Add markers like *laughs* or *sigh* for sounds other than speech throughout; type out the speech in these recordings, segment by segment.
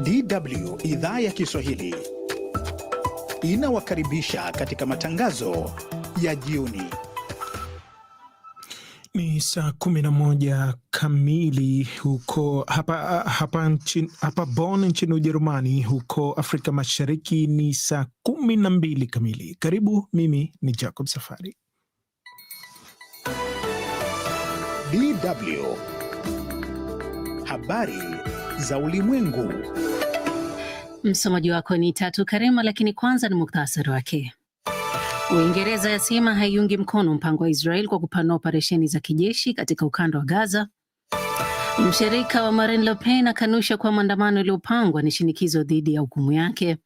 DW idhaa ya Kiswahili inawakaribisha katika matangazo ya jioni. Ni saa kumi na moja kamili huko hapa, hapa, nchin, hapa Bonn nchini Ujerumani. Huko Afrika Mashariki ni saa kumi na mbili kamili. Karibu, mimi ni Jacob Safari. DW habari za ulimwengu. Msomaji wako ni Tatu karima lakini kwanza ni muktasari wake. Uingereza yasema haiungi mkono mpango wa Israel kwa kupanua operesheni za kijeshi katika ukanda wa Gaza. Mshirika wa Marine Le Pen akanusha kuwa maandamano yaliyopangwa ni shinikizo dhidi ya hukumu yake,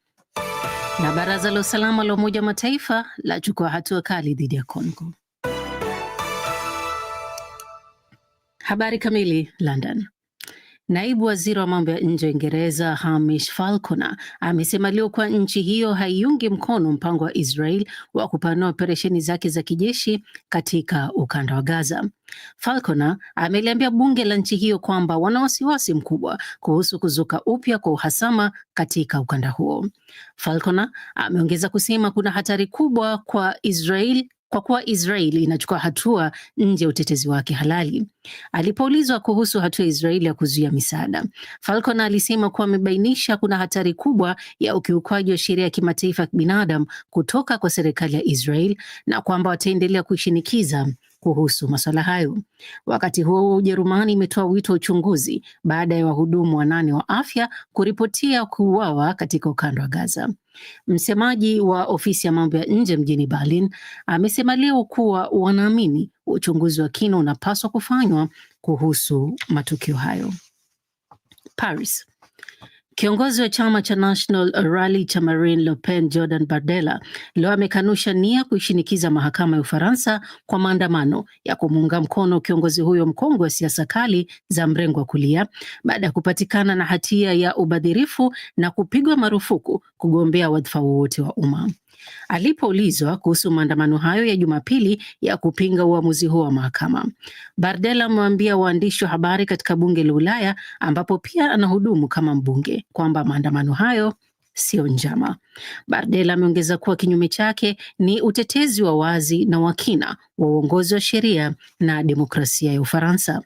na baraza la usalama la Umoja wa Mataifa lachukua hatua kali dhidi ya Congo. Habari kamili. London. Naibu waziri wa mambo ya nje wa Uingereza Hamish Falconer amesema leo kuwa nchi hiyo haiungi mkono mpango wa Israel wa kupanua operesheni zake za kijeshi katika ukanda wa Gaza. Falconer ameliambia bunge la nchi hiyo kwamba wana wasiwasi mkubwa kuhusu kuzuka upya kwa uhasama katika ukanda huo. Falconer ameongeza kusema kuna hatari kubwa kwa Israel kwa kuwa Israel inachukua hatua nje ya utetezi wake halali. Alipoulizwa kuhusu hatua ya israel ya kuzuia misaada, Falcon alisema kuwa amebainisha kuna hatari kubwa ya ukiukwaji wa sheria ya kimataifa ya kibinadamu kutoka kwa serikali ya Israel na kwamba wataendelea kuishinikiza kuhusu masuala hayo. Wakati huo Ujerumani imetoa wito wa uchunguzi baada ya wahudumu wanane wa afya kuripotia kuuawa katika ukanda wa Gaza. Msemaji wa ofisi ya mambo ya nje mjini Berlin amesema leo kuwa wanaamini uchunguzi wa kina unapaswa kufanywa kuhusu matukio hayo. Paris. Kiongozi wa chama cha National Rally cha Marine Le Pen Jordan Bardella leo amekanusha nia kuishinikiza mahakama ya Ufaransa kwa maandamano ya kumuunga mkono kiongozi huyo mkongwe wa siasa kali za mrengo wa kulia baada ya kupatikana na hatia ya ubadhirifu na kupigwa marufuku kugombea wadhifa wowote wa umma. Alipoulizwa kuhusu maandamano hayo ya Jumapili ya kupinga uamuzi huo wa mahakama, Bardella amewaambia waandishi wa habari katika bunge la Ulaya ambapo pia anahudumu kama mbunge kwamba maandamano hayo sio njama. Bardella ameongeza kuwa kinyume chake ni utetezi wa wazi na wa kina wa uongozi wa sheria na demokrasia ya Ufaransa.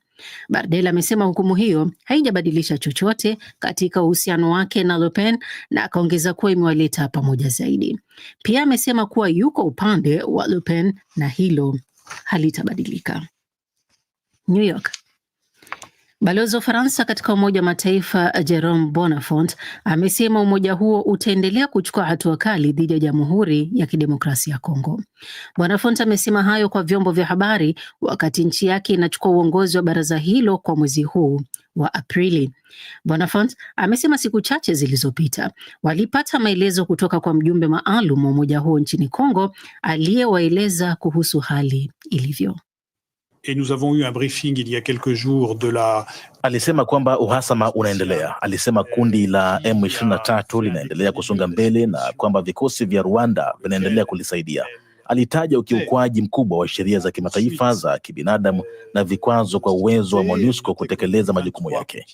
Bardella amesema hukumu hiyo haijabadilisha chochote katika uhusiano wake na Le Pen na akaongeza kuwa imewaleta pamoja zaidi. Pia amesema kuwa yuko upande wa Le Pen na hilo halitabadilika. New York. Balozi wa ufaransa katika Umoja wa Mataifa Jerome Bonafont amesema umoja huo utaendelea kuchukua hatua kali dhidi ya Jamhuri ya Kidemokrasia ya Kongo. Bonafont amesema hayo kwa vyombo vya habari wakati nchi yake inachukua uongozi wa baraza hilo kwa mwezi huu wa Aprili. Bonafont amesema siku chache zilizopita walipata maelezo kutoka kwa mjumbe maalum wa umoja huo nchini Kongo aliyewaeleza kuhusu hali ilivyo et nous avons eu un briefing il y a quelques jours de la Alisema kwamba uhasama unaendelea. Alisema kundi la M23 linaendelea kusonga mbele na kwamba vikosi vya Rwanda vinaendelea kulisaidia. Alitaja ukiukwaji mkubwa wa sheria za kimataifa za kibinadamu na vikwazo kwa uwezo wa MONUSCO kutekeleza majukumu yake.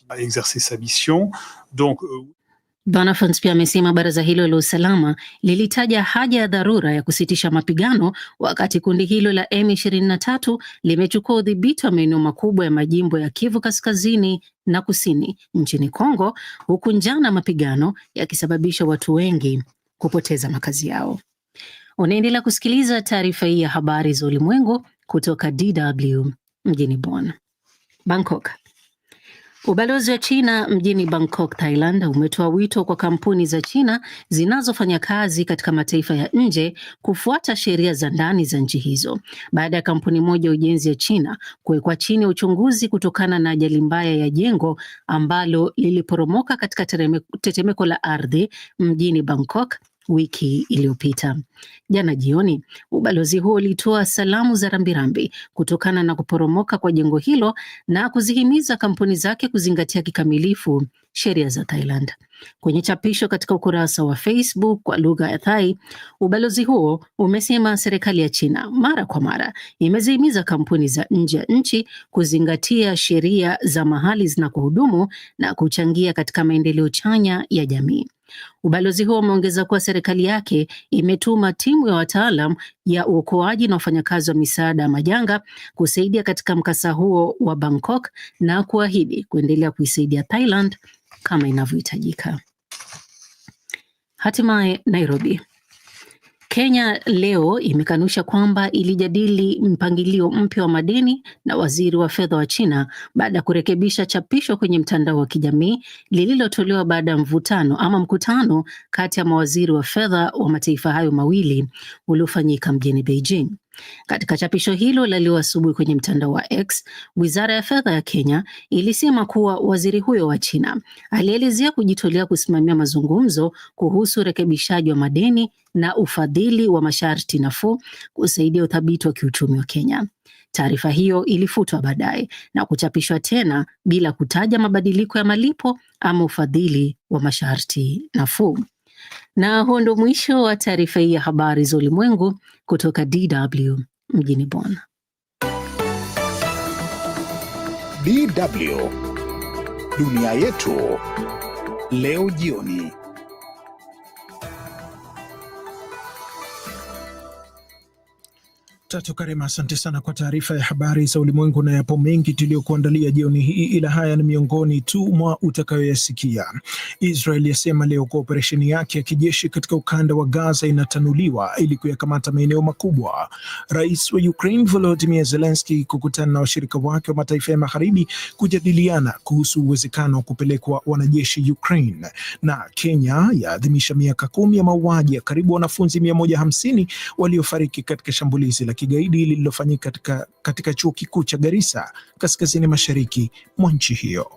Bonafons pia amesema baraza hilo la usalama lilitaja haja ya dharura ya kusitisha mapigano wakati kundi hilo la M23 limechukua udhibiti wa maeneo makubwa ya majimbo ya Kivu Kaskazini na Kusini nchini Kongo, huku njana mapigano yakisababisha watu wengi kupoteza makazi yao. Unaendelea kusikiliza taarifa hii ya habari za ulimwengu kutoka DW mjini Bonn. Bangkok. Ubalozi wa China mjini Bangkok, Thailand umetoa wito kwa kampuni za China zinazofanya kazi katika mataifa ya nje kufuata sheria za ndani za nchi hizo baada ya kampuni moja ya ujenzi ya China kuwekwa chini ya uchunguzi kutokana na ajali mbaya ya jengo ambalo liliporomoka katika tetemeko la ardhi mjini Bangkok wiki iliyopita. Jana jioni, ubalozi huo ulitoa salamu za rambirambi kutokana na kuporomoka kwa jengo hilo na kuzihimiza kampuni zake kuzingatia kikamilifu sheria za Thailand. Kwenye chapisho katika ukurasa wa Facebook kwa lugha ya Thai, ubalozi huo umesema serikali ya China mara kwa mara imezihimiza kampuni za nje ya nchi kuzingatia sheria za mahali zinakohudumu na kuchangia katika maendeleo chanya ya jamii. Ubalozi huo umeongeza kuwa serikali yake imetuma timu ya wataalam ya uokoaji na wafanyakazi wa misaada ya majanga kusaidia katika mkasa huo wa Bangkok na kuahidi kuendelea kuisaidia Thailand kama inavyohitajika. Hatimaye Nairobi. Kenya leo imekanusha kwamba ilijadili mpangilio mpya wa madini na waziri wa fedha wa China baada ya kurekebisha chapisho kwenye mtandao wa kijamii lililotolewa baada ya mvutano ama mkutano kati ya mawaziri wa fedha wa mataifa hayo mawili uliofanyika mjini Beijing. Katika chapisho hilo la leo asubuhi kwenye mtandao wa X, wizara ya fedha ya Kenya ilisema kuwa waziri huyo wa China alielezea kujitolea kusimamia mazungumzo kuhusu urekebishaji wa madeni na ufadhili wa masharti nafuu kusaidia uthabiti wa kiuchumi wa Kenya. Taarifa hiyo ilifutwa baadaye na kuchapishwa tena bila kutaja mabadiliko ya malipo ama ufadhili wa masharti nafuu. Na huo ndo mwisho wa taarifa hii ya habari za ulimwengu kutoka DW mjini Bonn. DW dunia yetu leo jioni. Tatu Karema, asante sana kwa taarifa ya habari za ulimwengu na yapo mengi tuliyokuandalia jioni hii, ila haya ni miongoni tu mwa utakayoyasikia. Israel yasema leo kwa operesheni yake ya kijeshi katika ukanda wa Gaza inatanuliwa ili kuyakamata maeneo makubwa. Rais wa Ukraine volodimir zelenski kukutana na washirika wake wa mataifa ya magharibi kujadiliana kuhusu uwezekano wa kupelekwa wanajeshi Ukraine. Na Kenya yaadhimisha miaka kumi ya mauaji ya karibu wanafunzi mia moja hamsini waliofariki katika shambulizi la kigaidi lililofanyika katika, katika chuo kikuu cha Garissa kaskazini mashariki mwa nchi hiyo.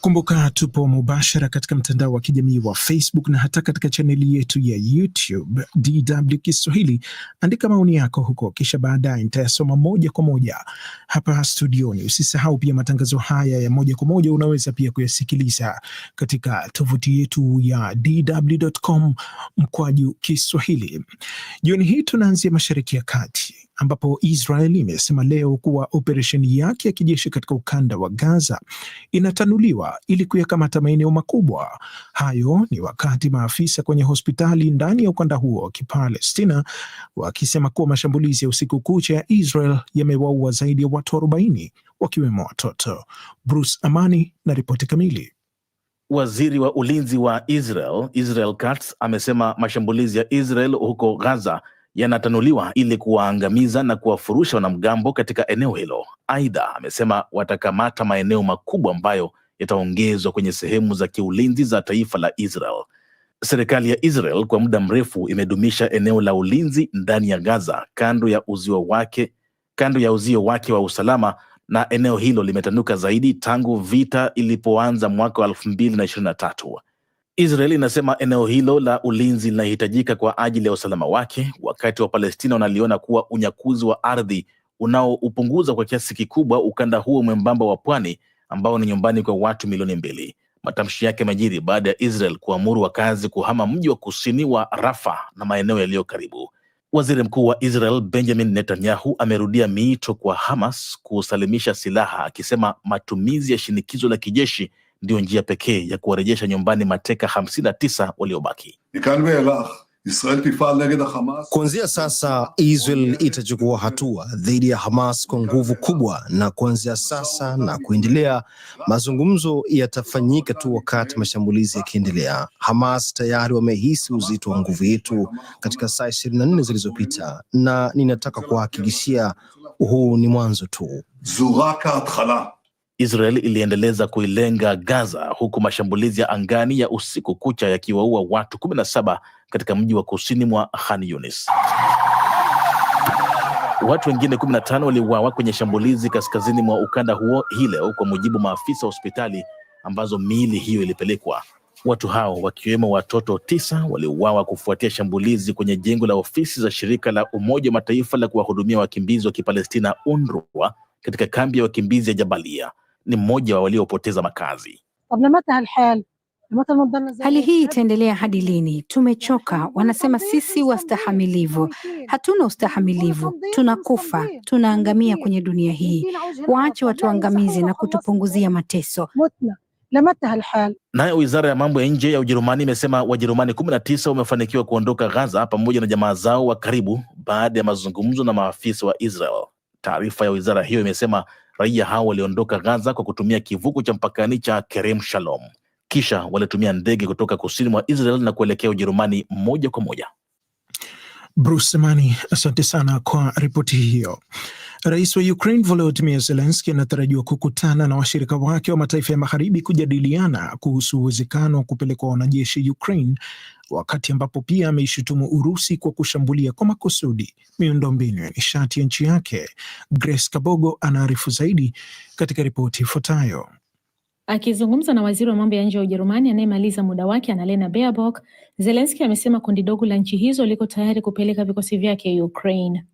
Kumbuka tupo mubashara katika mtandao wa kijamii wa Facebook na hata katika chaneli yetu ya YouTube DW Kiswahili. Andika maoni yako huko, kisha baadaye nitayasoma moja kwa moja hapa studioni. Usisahau pia matangazo haya ya moja kwa moja unaweza pia kuyasikiliza katika tovuti yetu ya DW.com mkwaju Kiswahili. Jioni hii tunaanzia Mashariki ya Kati ambapo Israel imesema leo kuwa operesheni yake ya kijeshi katika ukanda wa Gaza inatanuliwa ili kuyakamata maeneo makubwa. Hayo ni wakati maafisa kwenye hospitali ndani ya ukanda huo wa Kipalestina wakisema kuwa mashambulizi ya usiku kucha ya Israel yamewaua zaidi ya watu arobaini wakiwemo watoto. Bruce Amani na ripoti kamili. Waziri wa ulinzi wa Israel Israel Katz amesema mashambulizi ya Israel huko Gaza yanatanuliwa ili kuwaangamiza na kuwafurusha wanamgambo katika eneo hilo. Aidha, amesema watakamata maeneo makubwa ambayo yataongezwa kwenye sehemu za kiulinzi za taifa la Israel. Serikali ya Israel kwa muda mrefu imedumisha eneo la ulinzi ndani ya Gaza kando ya uzio wake, kando ya uzio wake wa usalama na eneo hilo limetanuka zaidi tangu vita ilipoanza mwaka wa elfu mbili na ishirini na tatu. Israel inasema eneo hilo la ulinzi linahitajika kwa ajili ya usalama wake, wakati wa Palestina wanaliona kuwa unyakuzi wa ardhi unaoupunguza kwa kiasi kikubwa ukanda huo mwembamba wa pwani ambao ni nyumbani kwa watu milioni mbili. Matamshi yake yamejiri baada ya Israel kuamuru wakazi kuhama mji wa kusini wa Rafa na maeneo yaliyo karibu. Waziri mkuu wa Israel Benjamin Netanyahu amerudia miito kwa Hamas kusalimisha silaha, akisema matumizi ya shinikizo la kijeshi ndiyo njia pekee ya kuwarejesha nyumbani mateka hamsini na tisa waliobaki. Kuanzia sasa Israel itachukua hatua dhidi ya Hamas kwa nguvu kubwa, na kuanzia sasa na kuendelea, mazungumzo yatafanyika tu wakati mashambulizi yakiendelea. Hamas tayari wamehisi uzito wa nguvu yetu katika saa ishirini na nne zilizopita, na ninataka kuwahakikishia huu ni mwanzo tu. Israel iliendeleza kuilenga Gaza huku mashambulizi ya angani ya usiku kucha yakiwaua watu 17 katika mji wa kusini mwa Khan Yunis. Watu wengine 15 waliuawa kwenye shambulizi kaskazini mwa ukanda huo hii leo, kwa mujibu maafisa wa hospitali ambazo miili hiyo ilipelekwa. Watu hao wakiwemo watoto tisa waliuawa kufuatia shambulizi kwenye jengo la ofisi za shirika la Umoja wa Mataifa la kuwahudumia wakimbizi wa Kipalestina UNRWA katika kambi ya wakimbizi ya Jabalia ni mmoja wa waliopoteza makazi. Hali hii itaendelea hadi lini? Tumechoka. Wanasema sisi wastahamilivu, hatuna ustahamilivu, tunakufa, tunaangamia kwenye dunia hii. Waache watuangamizi na kutupunguzia mateso. Nayo wizara ya mambo ya nje ya Ujerumani imesema Wajerumani kumi na tisa wamefanikiwa kuondoka Gaza pamoja na jamaa zao wa karibu baada ya mazungumzo na maafisa wa Israel. Taarifa ya wizara hiyo imesema raia hao waliondoka Gaza kwa kutumia kivuko cha mpakani cha Kerem Shalom, kisha walitumia ndege kutoka kusini mwa Israel na kuelekea Ujerumani moja kwa moja. Bruce asante sana kwa ripoti hiyo. Rais wa Ukraine volodimir zelenski anatarajiwa kukutana na washirika wake wa mataifa ya magharibi kujadiliana kuhusu uwezekano wa kupelekwa wanajeshi Ukraine wakati ambapo pia ameishutumu Urusi kwa kushambulia kwa makusudi miundombinu ya nishati ya nchi yake. Grace Kabogo anaarifu zaidi katika ripoti ifuatayo. Akizungumza na waziri wa mambo ya nje wa Ujerumani anayemaliza muda wake Annalena Baerbock, zelenski amesema kundi dogo la nchi hizo liko tayari kupeleka vikosi vyake Ukraine.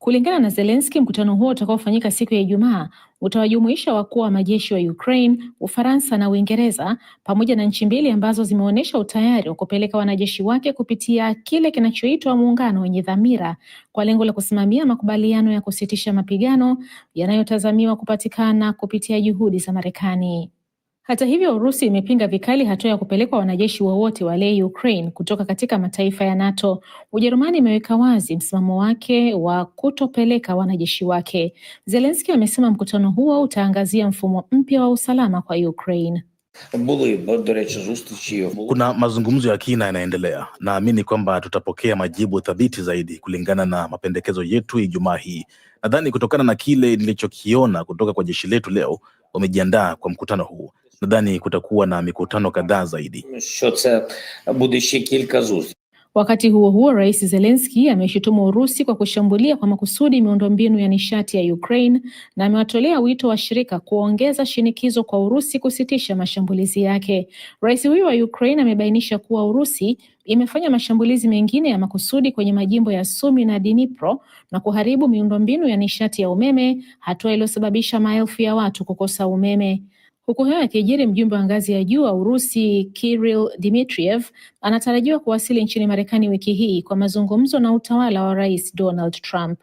Kulingana na Zelensky, mkutano huo utakaofanyika siku ya Ijumaa utawajumuisha wakuu wa majeshi wa Ukraine, Ufaransa na Uingereza pamoja na nchi mbili ambazo zimeonyesha utayari wa kupeleka wanajeshi wake kupitia kile kinachoitwa muungano wenye dhamira kwa lengo la kusimamia makubaliano ya kusitisha mapigano yanayotazamiwa kupatikana kupitia juhudi za Marekani. Hata hivyo, Urusi imepinga vikali hatua ya kupelekwa wanajeshi wowote wale Ukraine kutoka katika mataifa ya NATO. Ujerumani imeweka wazi msimamo wake wa kutopeleka wanajeshi wake. zelenski amesema mkutano huo utaangazia mfumo mpya wa usalama kwa Ukraine. Kuna mazungumzo ya kina yanaendelea. Naamini kwamba tutapokea majibu thabiti zaidi kulingana na mapendekezo yetu Ijumaa hii. Nadhani kutokana na kile nilichokiona kutoka kwa jeshi letu leo, wamejiandaa kwa mkutano huu. Nadhani kutakuwa na mikutano kadhaa zaidi. Wakati huo huo, Rais Zelenski ameshutumu Urusi kwa kushambulia kwa makusudi miundombinu ya nishati ya Ukraine na amewatolea wito washirika kuongeza shinikizo kwa Urusi kusitisha mashambulizi yake. Rais huyo wa Ukraine amebainisha kuwa Urusi imefanya mashambulizi mengine ya makusudi kwenye majimbo ya Sumi na Dnipro na kuharibu miundombinu ya nishati ya umeme, hatua iliyosababisha maelfu ya watu kukosa umeme. Huku hayo yakijiri, mjumbe wa ngazi ya juu wa Urusi Kirill Dmitriev anatarajiwa kuwasili nchini Marekani wiki hii kwa mazungumzo na utawala wa Rais Donald Trump.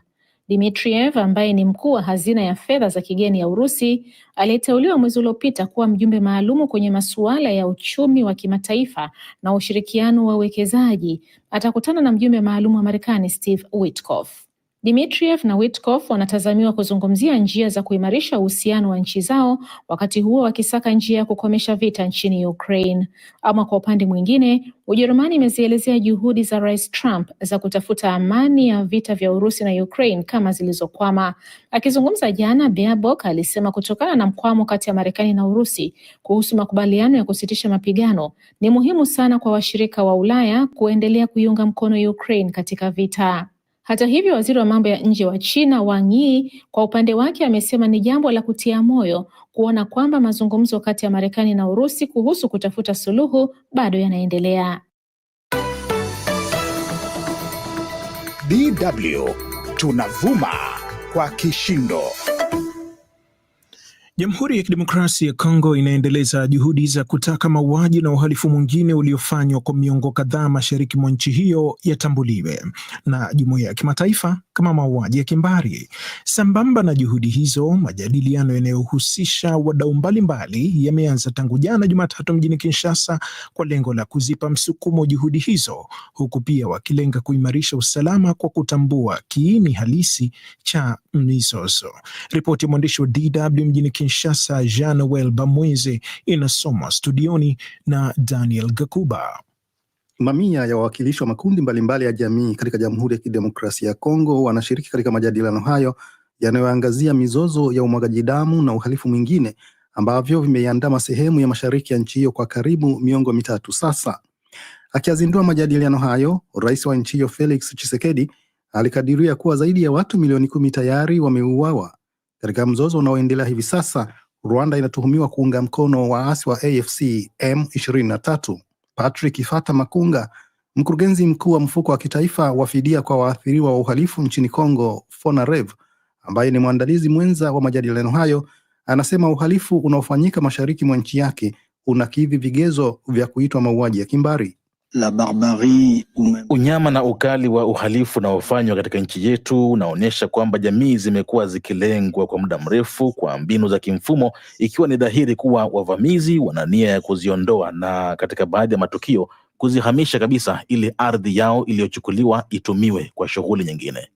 Dmitriev ambaye ni mkuu wa hazina ya fedha za kigeni ya Urusi aliyeteuliwa mwezi uliopita kuwa mjumbe maalumu kwenye masuala ya uchumi wa kimataifa na ushirikiano wa uwekezaji atakutana na mjumbe maalum wa Marekani Steve Witkoff. Dmitriev na Witkoff wanatazamiwa kuzungumzia njia za kuimarisha uhusiano wa nchi zao, wakati huo wakisaka njia ya kukomesha vita nchini Ukraine. Ama kwa upande mwingine, Ujerumani imezielezea juhudi za Rais Trump za kutafuta amani ya vita vya Urusi na Ukraine kama zilizokwama. Akizungumza jana, Baerbock alisema kutokana na mkwamo kati ya Marekani na Urusi kuhusu makubaliano ya kusitisha mapigano, ni muhimu sana kwa washirika wa Ulaya kuendelea kuiunga mkono Ukraine katika vita. Hata hivyo, waziri wa mambo ya nje wa China Wang Yi kwa upande wake amesema ni jambo la kutia moyo kuona kwamba mazungumzo kati ya Marekani na Urusi kuhusu kutafuta suluhu bado yanaendelea. DW tunavuma kwa kishindo. Jamhuri ya Kidemokrasia ya Kongo inaendeleza juhudi za kutaka mauaji na uhalifu mwingine uliofanywa kwa miongo kadhaa mashariki mwa nchi hiyo yatambuliwe na jumuiya ya kimataifa kama mauaji ya kimbari. Sambamba na juhudi hizo, majadiliano yanayohusisha wadau mbalimbali yameanza tangu jana Jumatatu mjini Kinshasa kwa lengo la kuzipa msukumo juhudi hizo, huku pia wakilenga kuimarisha usalama kwa kutambua kiini halisi cha mizozo. Ripoti ya mwandishi wa DW mjini Kinshasa, Jean Noel Bamweze, inasomwa studioni na Daniel Gakuba. Mamia ya wawakilishi wa makundi mbalimbali mbali ya jamii katika Jamhuri ya Kidemokrasia ya Kongo wanashiriki katika majadiliano hayo yanayoangazia mizozo ya umwagaji damu na uhalifu mwingine ambavyo vimeiandama sehemu ya mashariki ya nchi hiyo kwa karibu miongo mitatu sasa. Akiazindua majadiliano hayo, rais wa nchi hiyo Felix Tshisekedi alikadiria kuwa zaidi ya watu milioni kumi tayari wameuawa katika mzozo unaoendelea hivi sasa. Rwanda inatuhumiwa kuunga mkono waasi wa AFC M23. Patrick Fata Makunga, mkurugenzi mkuu wa mfuko wa kitaifa wa fidia kwa waathiriwa wa uhalifu nchini congo Fonarev, ambaye ni mwandalizi mwenza wa majadiliano hayo, anasema uhalifu unaofanyika mashariki mwa nchi yake unakidhi vigezo vya kuitwa mauaji ya kimbari la barbarie ume... unyama na ukali wa uhalifu unaofanywa katika nchi yetu unaonyesha kwamba jamii zimekuwa zikilengwa kwa muda mrefu kwa mbinu za kimfumo, ikiwa ni dhahiri kuwa wavamizi wana nia ya kuziondoa na katika baadhi ya matukio kuzihamisha kabisa ili ardhi yao iliyochukuliwa itumiwe kwa shughuli nyingine.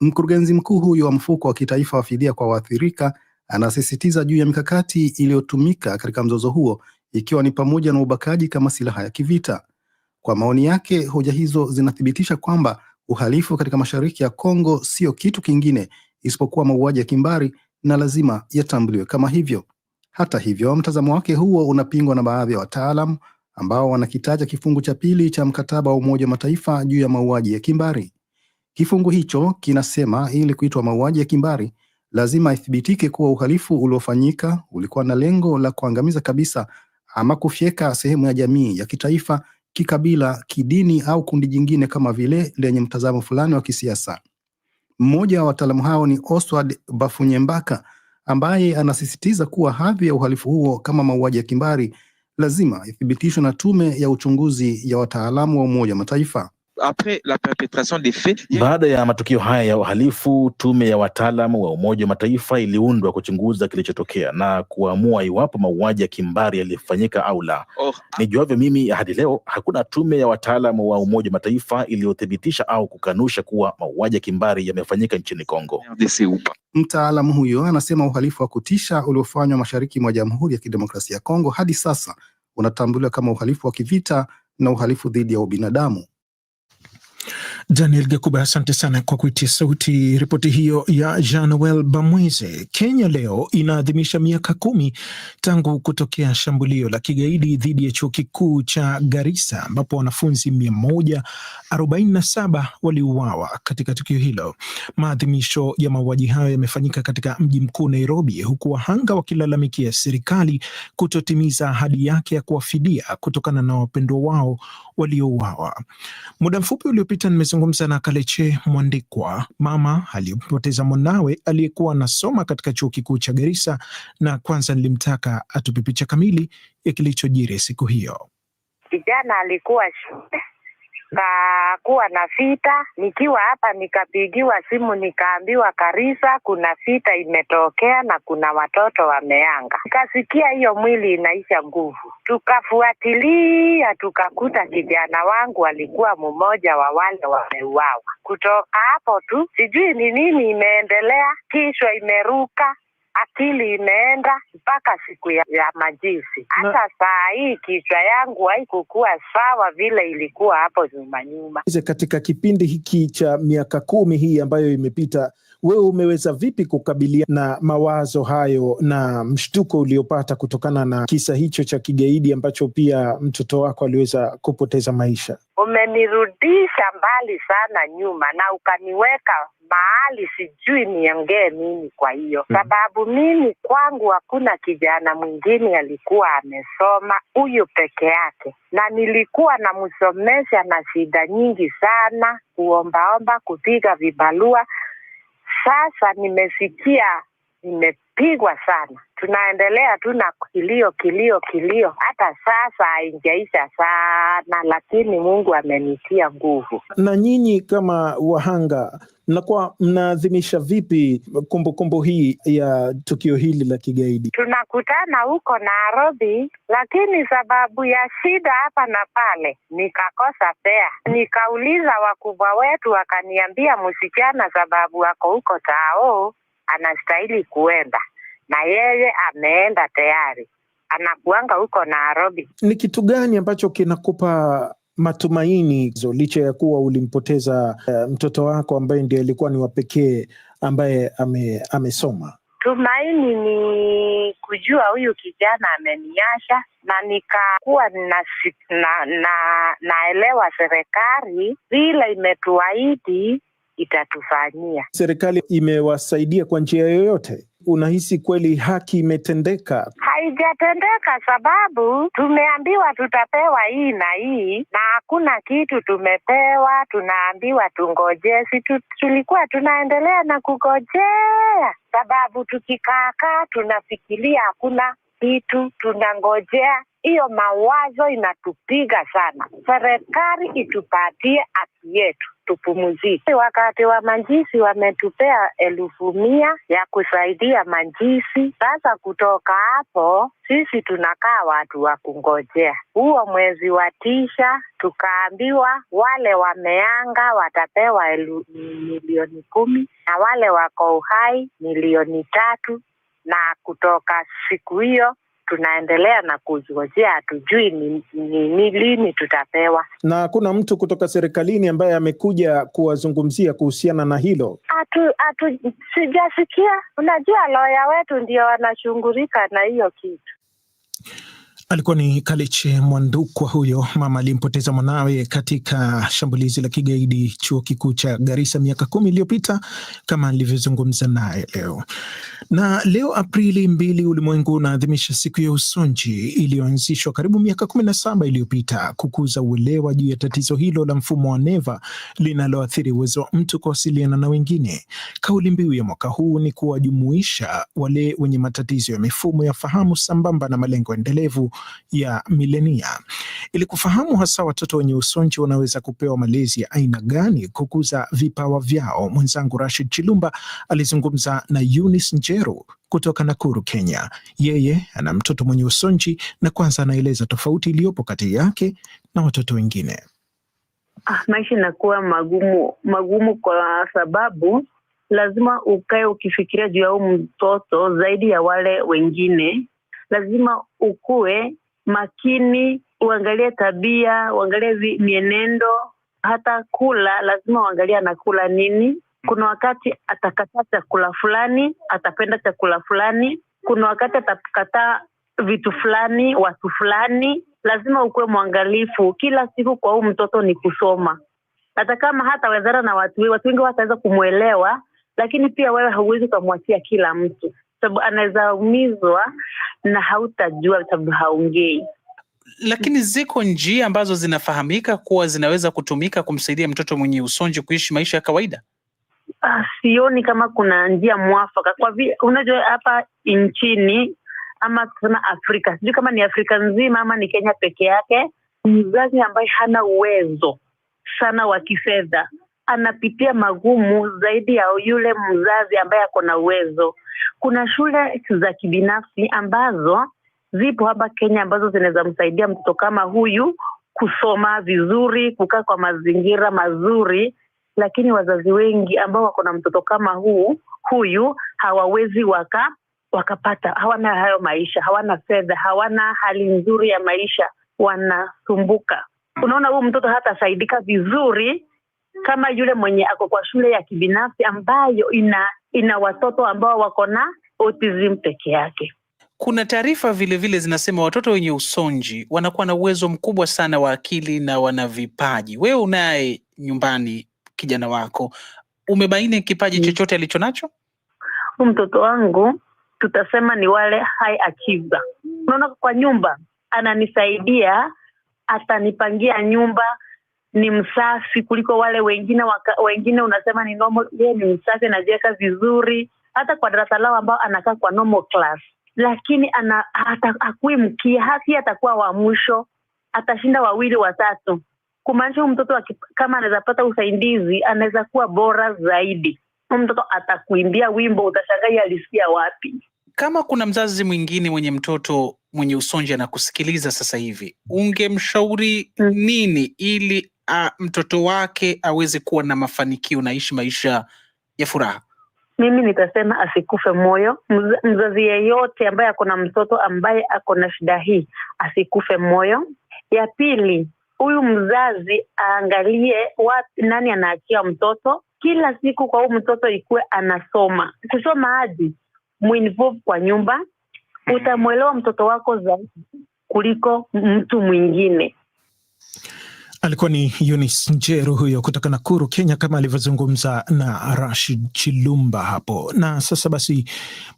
Mkurugenzi mkuu huyo wa mfuko wa kitaifa wa fidia kwa waathirika anasisitiza juu ya mikakati iliyotumika katika mzozo huo ikiwa ni pamoja na ubakaji kama silaha ya kivita. Kwa maoni yake, hoja hizo zinathibitisha kwamba uhalifu katika mashariki ya Kongo sio kitu kingine isipokuwa mauaji ya kimbari na lazima yatambuliwe kama hivyo. Hata hivyo, mtazamo wake huo unapingwa na baadhi ya wataalam ambao wanakitaja kifungu cha pili cha mkataba wa Umoja wa Mataifa juu ya mauaji ya kimbari. Kifungu hicho kinasema ili kuitwa mauaji ya kimbari lazima ithibitike kuwa uhalifu uliofanyika ulikuwa na lengo la kuangamiza kabisa ama kufyeka sehemu ya jamii ya kitaifa, kikabila, kidini au kundi jingine kama vile lenye mtazamo fulani wa kisiasa. Mmoja wa wataalamu hao ni Oswald Bafunyembaka ambaye anasisitiza kuwa hadhi ya uhalifu huo kama mauaji ya kimbari lazima ithibitishwe na tume ya uchunguzi ya wataalamu wa Umoja wa Mataifa après la perpetration des faits. Baada ya matukio haya ya uhalifu, tume ya wataalam wa Umoja wa Mataifa iliundwa kuchunguza kilichotokea na kuamua iwapo mauaji ya kimbari yalifanyika au la. Oh, nijuavyo mimi, hadi leo hakuna tume ya wataalam wa Umoja wa Mataifa iliyothibitisha au kukanusha kuwa mauaji ya kimbari yamefanyika nchini Kongo. Mtaalamu huyo anasema uhalifu wa kutisha uliofanywa mashariki mwa Jamhuri ya Kidemokrasia ya Kongo hadi sasa unatambuliwa kama uhalifu wa kivita na uhalifu dhidi ya ubinadamu. Daniel Gakuba, asante sana kwa kuitia sauti ripoti hiyo ya Jean Noel Bamweze. Kenya leo inaadhimisha miaka kumi tangu kutokea shambulio la kigaidi dhidi ya chuo kikuu cha Garissa ambapo wanafunzi saba waliuawa katika tukio hilo. Maadhimisho ya mauaji hayo yamefanyika katika mji mkuu Nairobi, huku wahanga wakilalamikia serikali kutotimiza ahadi yake ya kuwafidia kutokana na wapendwa wao waliouawa. Muda mfupi uliopita uliopita nimezungumza na Kaleche Mwandikwa, mama aliyempoteza mwanawe aliyekuwa anasoma katika chuo kikuu cha Garissa, na kwanza nilimtaka atupe picha kamili ya kilichojiri siku hiyo. Kijana alikuwa shule nikakuwa na vita. Nikiwa hapa nikapigiwa simu nikaambiwa, Karisa, kuna vita imetokea na kuna watoto wameanga. Nikasikia hiyo mwili inaisha nguvu, tukafuatilia tukakuta kijana wangu alikuwa mmoja wa wale wameuawa. Kutoka hapo tu sijui ni nini imeendelea, kishwa imeruka akili imeenda mpaka siku ya, ya majizi. Hata saa hii kichwa yangu haikukuwa sawa vile ilikuwa hapo nyuma nyuma. Katika kipindi hiki cha miaka kumi hii ambayo imepita wewe umeweza vipi kukabiliana na mawazo hayo na mshtuko uliopata kutokana na kisa hicho cha kigaidi ambacho pia mtoto wako aliweza kupoteza maisha? Umenirudisha mbali sana nyuma na ukaniweka mahali sijui niongee nini. Kwa hiyo mm, sababu mimi kwangu hakuna kijana mwingine alikuwa amesoma, huyo peke yake, na nilikuwa namsomesha na shida nyingi sana, kuombaomba, kupiga vibarua sasa nimesikia nimepigwa sana, tunaendelea tu na kilio kilio kilio, hata sasa haijaisha sana, lakini Mungu amenitia nguvu. Na nyinyi kama wahanga mnakuwa mnaadhimisha vipi kumbukumbu kumbu hii ya tukio hili la kigaidi? Tunakutana huko Nairobi, lakini sababu ya shida hapa na pale nikakosa fea. Nikauliza wakubwa wetu, wakaniambia msichana, sababu ako huko Tao, anastahili kuenda na yeye ameenda tayari, anakuanga huko Nairobi. Ni kitu gani ambacho kinakupa matumaini licha ya kuwa ulimpoteza uh, mtoto wako ambaye ndiye alikuwa ni wa pekee ambaye ame, amesoma? Tumaini ni kujua huyu kijana ameniasha na nikakuwa na, na, na naelewa serikali vile imetuahidi itatufanyia. Serikali imewasaidia kwa njia yoyote? unahisi kweli haki imetendeka? Haijatendeka, sababu tumeambiwa tutapewa hii na hii na hakuna kitu tumepewa. Tunaambiwa tungojee, si tulikuwa tunaendelea na kugojea sababu tukikaakaa tunafikiria hakuna kitu, tunangojea hiyo mawazo inatupiga sana. Serikali itupatie haki yetu tupumuzike. Wakati wa manjisi wametupea elfu mia ya kusaidia manjisi. Sasa kutoka hapo sisi tunakaa watu wa kungojea huo mwezi wa tisha, tukaambiwa wale wameanga watapewa elu, milioni kumi na wale wako uhai milioni tatu na kutoka siku hiyo tunaendelea na kuzuazia, hatujui ni, ni, ni lini tutapewa. Na kuna mtu kutoka serikalini ambaye amekuja kuwazungumzia kuhusiana na hilo, sijasikia. Unajua loya wetu ndio wanashughulika na hiyo kitu. Alikuwa ni Kaleche Mwandukwa huyo mama alimpoteza mwanawe katika shambulizi la kigaidi chuo kikuu cha Garissa miaka kumi iliyopita kama nilivyozungumza naye leo. Na leo Aprili mbili, ulimwengu unaadhimisha siku ya usonji iliyoanzishwa karibu miaka kumi na saba iliyopita kukuza uelewa juu ya tatizo hilo la mfumo wa neva linaloathiri uwezo wa mtu kuwasiliana na wengine. Kauli mbiu ya mwaka huu ni kuwajumuisha wale wenye matatizo ya mifumo ya fahamu sambamba na malengo endelevu ya milenia. Ili kufahamu hasa watoto wenye usonji wanaweza kupewa malezi ya aina gani kukuza vipawa vyao, mwenzangu Rashid Chilumba alizungumza na Eunice Njeru kutoka Nakuru, Kenya. Yeye ana mtoto mwenye usonji na kwanza anaeleza tofauti iliyopo kati yake na watoto wengine. Ah, maisha inakuwa magumu magumu kwa sababu lazima ukae ukifikiria juu ya huu mtoto zaidi ya wale wengine, lazima ukue makini, uangalie tabia, uangalie mienendo, hata kula, lazima uangalie anakula nini. Kuna wakati atakataa chakula fulani, atapenda chakula fulani, kuna wakati atakataa vitu fulani, watu fulani. Lazima ukuwe mwangalifu kila siku. Kwa huu mtoto ni kusoma, hata kama hatawezana na watu watu wengi wataweza kumwelewa, lakini pia wewe hauwezi ukamwachia kila mtu sababu anaweza umizwa na hautajua sababu haongei. Lakini ziko njia ambazo zinafahamika kuwa zinaweza kutumika kumsaidia mtoto mwenye usonji kuishi maisha ya kawaida? Ah, sioni kama kuna njia mwafaka kwa vile unajua hapa nchini ama tusema Afrika, sijui kama ni Afrika nzima ama ni Kenya peke yake, mzazi ambaye hana uwezo sana wa kifedha anapitia magumu zaidi ya yule mzazi ambaye ako na uwezo kuna shule za kibinafsi ambazo zipo hapa Kenya ambazo zinaweza msaidia mtoto kama huyu kusoma vizuri, kukaa kwa mazingira mazuri, lakini wazazi wengi ambao wako na mtoto kama huu huyu hawawezi waka wakapata, hawana hayo maisha, hawana fedha, hawana hali nzuri ya maisha, wanasumbuka. Unaona, huyu mtoto hatasaidika vizuri kama yule mwenye ako kwa shule ya kibinafsi ambayo ina ina watoto ambao wako na autism peke yake. Kuna taarifa vilevile zinasema watoto wenye usonji wanakuwa na uwezo mkubwa sana wa akili na wana vipaji. Wewe unaye nyumbani kijana wako, umebaini kipaji mm, chochote alicho nacho? Mtoto wangu tutasema ni wale high achiever. Unaona, kwa nyumba ananisaidia, atanipangia nyumba ni msafi kuliko wale wengine waka, wengine unasema ni normal, yeye ni msafi, anajiweka vizuri, hata kwa darasa lao ambao anakaa kwa normal class, lakini ana hakui mkia hasi, atakuwa wa mwisho, atashinda wawili watatu, kumaanisha huyu mtoto kama anaweza pata usaidizi anaweza kuwa bora zaidi. Huyu mtoto atakuimbia wimbo, utashangaa alisikia wapi. Kama kuna mzazi mwingine mwenye mtoto mwenye usonji anakusikiliza sasa hivi, ungemshauri mm. nini ili a, mtoto wake aweze kuwa na mafanikio na ishi maisha ya furaha? Mimi nitasema asikufe moyo. Mzazi yeyote ambaye ako na mtoto ambaye ako na shida hii asikufe moyo. Ya pili, huyu mzazi aangalie wapi, nani anaachia mtoto kila siku kwa huyu mtoto ikuwe anasoma kusoma hadi muinvolve kwa nyumba, utamwelewa mtoto wako zaidi kuliko mtu mwingine. Alikuwa ni unis Njeru huyo kutoka Nakuru, Kenya, kama alivyozungumza na Rashid Chilumba hapo. Na sasa basi,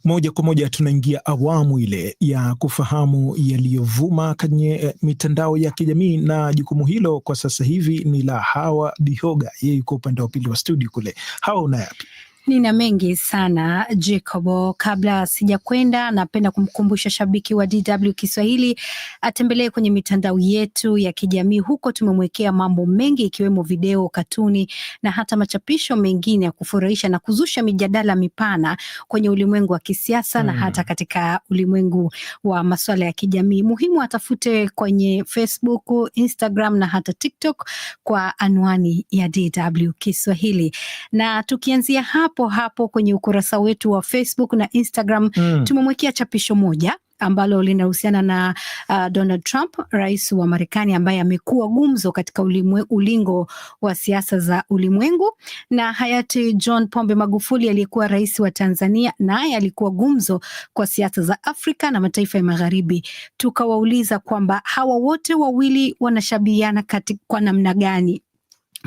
moja kwa moja tunaingia awamu ile ya kufahamu yaliyovuma kwenye eh, mitandao ya kijamii, na jukumu hilo kwa sasa hivi ni la Hawa Bihoga, yeye yuko upande wa pili wa studio kule. Hawa, una yapi? Nina mengi sana Jacobo. Kabla sijakwenda, napenda kumkumbusha shabiki wa DW Kiswahili atembelee kwenye mitandao yetu ya kijamii. Huko tumemwekea mambo mengi, ikiwemo video, katuni na hata machapisho mengine ya kufurahisha na kuzusha mijadala mipana kwenye ulimwengu wa kisiasa mm, na hmm. hata katika ulimwengu wa masuala ya kijamii. Muhimu atafute kwenye Facebook, Instagram na hata TikTok kwa anwani ya DW Kiswahili, na tukianzia hapa hapo hapo kwenye ukurasa wetu wa Facebook na Instagram mm. tumemwekea chapisho moja ambalo linahusiana na uh, Donald Trump, rais wa Marekani ambaye amekuwa gumzo katika ulimwe, ulingo wa siasa za ulimwengu, na hayati John Pombe Magufuli aliyekuwa rais wa Tanzania, naye alikuwa gumzo kwa siasa za Afrika na mataifa ya Magharibi. Tukawauliza kwamba hawa wote wawili wanashabihiana kwa namna gani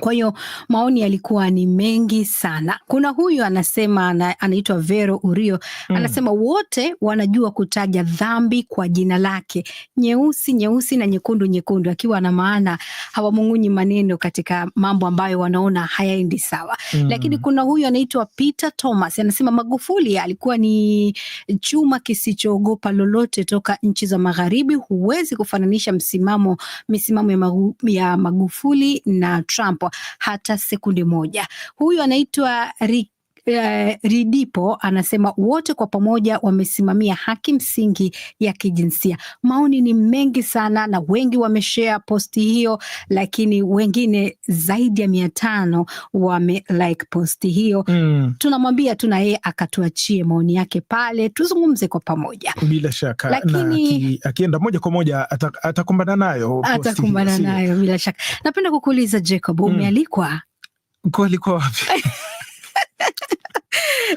kwa hiyo maoni yalikuwa ni mengi sana. Kuna huyu anasema, anaitwa Vero Urio, mm. anasema mm, wote wanajua kutaja dhambi kwa jina lake, nyeusi nyeusi na nyekundu nyekundu, akiwa na maana hawamung'unyi maneno katika mambo ambayo wanaona hayaendi sawa mm. Lakini kuna huyu anaitwa Peter Thomas, anasema Magufuli alikuwa ni chuma kisichoogopa lolote toka nchi za Magharibi. Huwezi kufananisha msimamo misimamo ya Magufuli na Trump hata sekundi moja. Huyu anaitwa Rick eh, Ridipo anasema wote kwa pamoja wamesimamia haki msingi ya kijinsia. Maoni ni mengi sana na wengi wameshare posti hiyo, lakini wengine zaidi ya mia tano wame like posti hiyo mm. Tunamwambia tu na yeye akatuachie maoni yake pale, tuzungumze kwa pamoja bila shaka, lakini akienda moja kwa moja atakumbana nayo, atakumbana nayo bila shaka. Napenda kukuuliza Jacob, mm. umealikwa mm. Kulikuwa wapi? *laughs*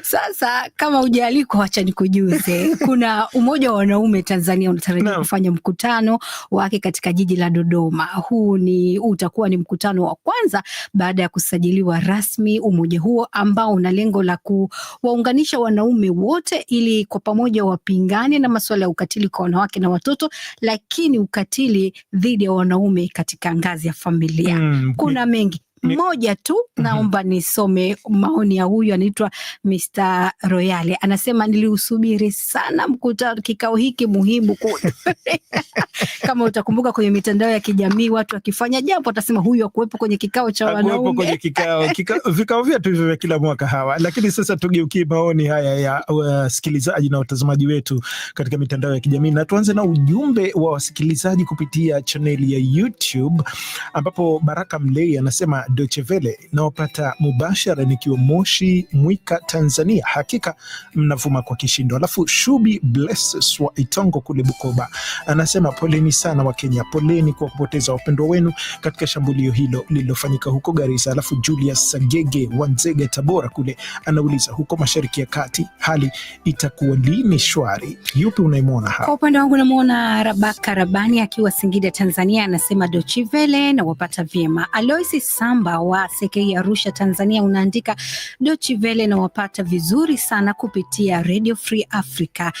Sasa kama hujaalikwa, wacha nikujuze, *laughs* kuna umoja wa wanaume Tanzania unatarajia no. kufanya mkutano wake katika jiji la Dodoma. Huu ni utakuwa ni mkutano wa kwanza baada ya kusajiliwa rasmi umoja huo ambao una lengo la kuwaunganisha wanaume wote ili kwa pamoja wapingane na masuala ya ukatili kwa wanawake na watoto, lakini ukatili dhidi ya wanaume katika ngazi ya familia. Mm, kuna mengi moja tu mm -hmm. Naomba nisome maoni ya huyu anaitwa Mr. Royale, anasema niliusubiri sana mkutano, kikao hiki muhimu *laughs* kama utakumbuka kwenye mitandao ya kijamii watu wakifanya jambo watasema huyu akuwepo kwenye kikao cha wanaume kwenye kikao, vikao vyetu hivyo vya kila mwaka hawa. Lakini sasa tugeukie maoni haya ya wasikilizaji uh, na watazamaji wetu katika mitandao ya kijamii, na tuanze na ujumbe wa wasikilizaji kupitia chaneli ya YouTube ambapo Baraka Mlei anasema Deutsche Welle naopata mubashara nikiwa Moshi Mwika, Tanzania. Hakika mnavuma kwa kishindo. Alafu Shubi Blesses wa Itongo kule Bukoba anasema poleni sana Wakenya, poleni kwa kupoteza wapendwa wenu katika shambulio hilo lililofanyika huko Garissa. Alafu Julius Sagege wa Nzega, Tabora kule anauliza huko mashariki ya kati hali itakuwa lini shwari? Yupi unayemwona hapa? Kwa upande wangu namwona Rabaka Rabani akiwa Singida, Tanzania, anasema Deutsche Welle na wapata vyema. Aloisi Sam mwamba wa CK Arusha Tanzania unaandika Dochi Vele na wapata vizuri sana kupitia Radio Free Africa.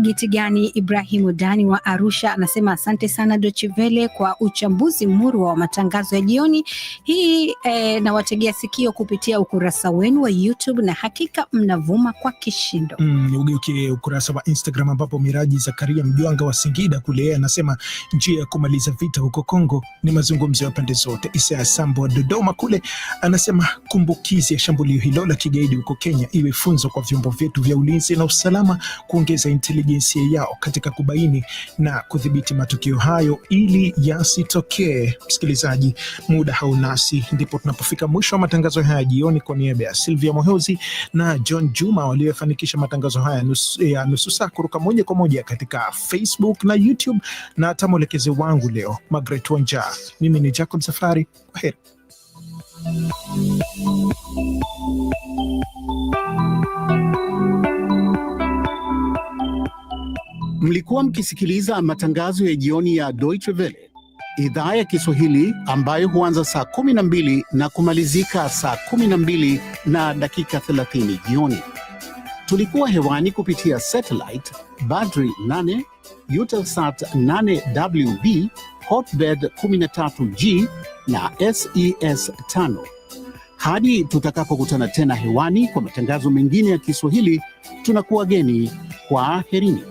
Gitigani Ibrahimu Dani wa Arusha anasema asante sana Dochi Vele kwa uchambuzi murwa wa matangazo ya jioni hii eh, na sikio kupitia ukurasa wenu wa YouTube na hakika mnavuma kwa kishindo. Mm, ugeukie ukurasa wa Instagram ambapo Miraji Zakaria Mjwanga wa Singida kule anasema njia ya kumaliza vita huko Kongo ni mazungumzo ya pande zote. Isaya Sambo wa Dodoma anasema kule, anasema kumbukizi ya shambulio hilo la kigaidi huko Kenya iwe funzo kwa vyombo vyetu vya ulinzi na usalama kuongeza intelijensia yao katika kubaini na kudhibiti matukio hayo ili yasitokee. Msikilizaji, muda haunasi, ndipo tunapofika mwisho wa matangazo haya jioni. Kwa niaba ya Silvia Mohozi na John Juma waliofanikisha matangazo haya nusu, ya nusu saa kuruka moja kwa moja katika Facebook na YouTube na hata mwelekezi wangu leo Margaret Wanja, mimi ni Jacob Safari, kwa heri. Mlikuwa mkisikiliza matangazo ya jioni ya Deutsche Welle idhaa ya Kiswahili ambayo huanza saa 12 na kumalizika saa 12 na dakika 30 jioni. Tulikuwa hewani kupitia satellite Badri 8, Eutelsat 8WB Hotbed 13G na SES 5. E Hadi tutakapokutana tena hewani kwa matangazo mengine ya Kiswahili, tunakuwa geni, kwa herini